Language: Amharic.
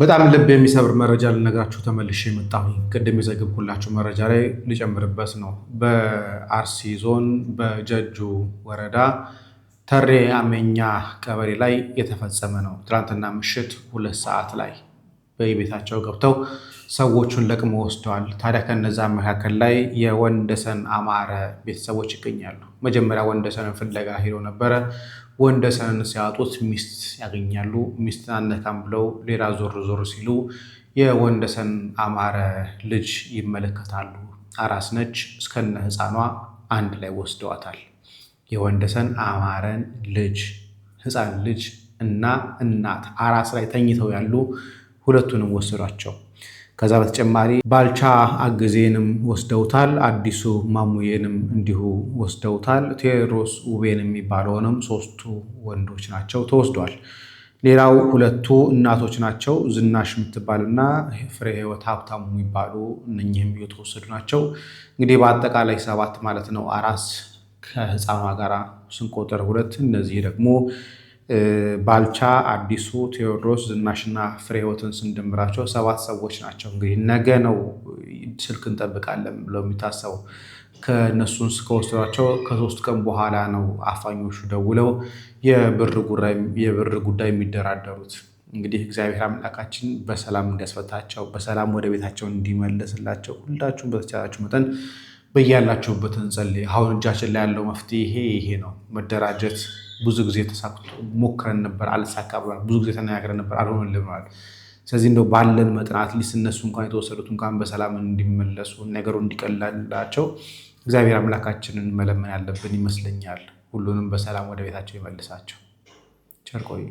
በጣም ልብ የሚሰብር መረጃ ልነግራችሁ ተመልሼ መጣሁ። ቅድም የዘግብኩላችሁ መረጃ ላይ ልጨምርበት ነው። በአርሲ ዞን በጀጁ ወረዳ ተሬ አመኛ ቀበሌ ላይ የተፈጸመ ነው። ትናንትና ምሽት ሁለት ሰዓት ላይ በቤታቸው ገብተው ሰዎቹን ለቅሞ ወስደዋል። ታዲያ ከነዛ መካከል ላይ የወንደሰን አማረ ቤተሰቦች ይገኛሉ። መጀመሪያ ወንደሰንን ፍለጋ ሄዶ ነበረ። ወንደሰንን ሲያጡት ሚስት ያገኛሉ። ሚስት አነካም ብለው ሌላ ዞር ዞር ሲሉ የወንደሰን አማረ ልጅ ይመለከታሉ። አራስ ነች፣ እስከነ ህፃኗ አንድ ላይ ወስደዋታል። የወንደሰን አማረን ልጅ ህፃን ልጅ እና እናት አራስ ላይ ተኝተው ያሉ ሁለቱንም ወሰዷቸው። ከዛ በተጨማሪ ባልቻ አግዜንም ወስደውታል። አዲሱ ማሙዬንም እንዲሁ ወስደውታል። ቴዎድሮስ ውቤን የሚባለውንም ሶስቱ ወንዶች ናቸው ተወስዷል። ሌላው ሁለቱ እናቶች ናቸው። ዝናሽ የምትባልና ፍሬ ህይወት ሀብታሙ የሚባሉ እነኚህም የተወሰዱ ናቸው። እንግዲህ በአጠቃላይ ሰባት ማለት ነው። አራስ ከህፃኗ ጋር ስንቆጠር ሁለት፣ እነዚህ ደግሞ ባልቻ፣ አዲሱ፣ ቴዎድሮስ፣ ዝናሽና ፍሬህይወትን ስንደምራቸው ሰባት ሰዎች ናቸው። እንግዲህ ነገ ነው ስልክ እንጠብቃለን ብለው የሚታሰበው ከእነሱን ከወሰዷቸው ከሶስት ቀን በኋላ ነው አፋኞቹ ደውለው የብር ጉዳይ የሚደራደሩት። እንግዲህ እግዚአብሔር አምላካችን በሰላም እንዲያስፈታቸው በሰላም ወደ ቤታቸው እንዲመለስላቸው ሁላችሁም በተቻላችሁ መጠን በያላችሁበት እንጸልይ። አሁን እጃችን ላይ ያለው መፍትሄ ይሄ ነው መደራጀት ብዙ ጊዜ ሞክረን ነበር፣ አልሳካ ብሏል። ብዙ ጊዜ ተነጋግረን ነበር፣ አልሆነልን ብሏል። ስለዚህ እንደው ባለን መጠን አትሊስት እነሱ እንኳን የተወሰዱት እንኳን በሰላም እንዲመለሱ ነገሩ እንዲቀላላቸው እግዚአብሔር አምላካችንን መለመን ያለብን ይመስለኛል። ሁሉንም በሰላም ወደ ቤታቸው ይመልሳቸው። ቸር ቆዩ።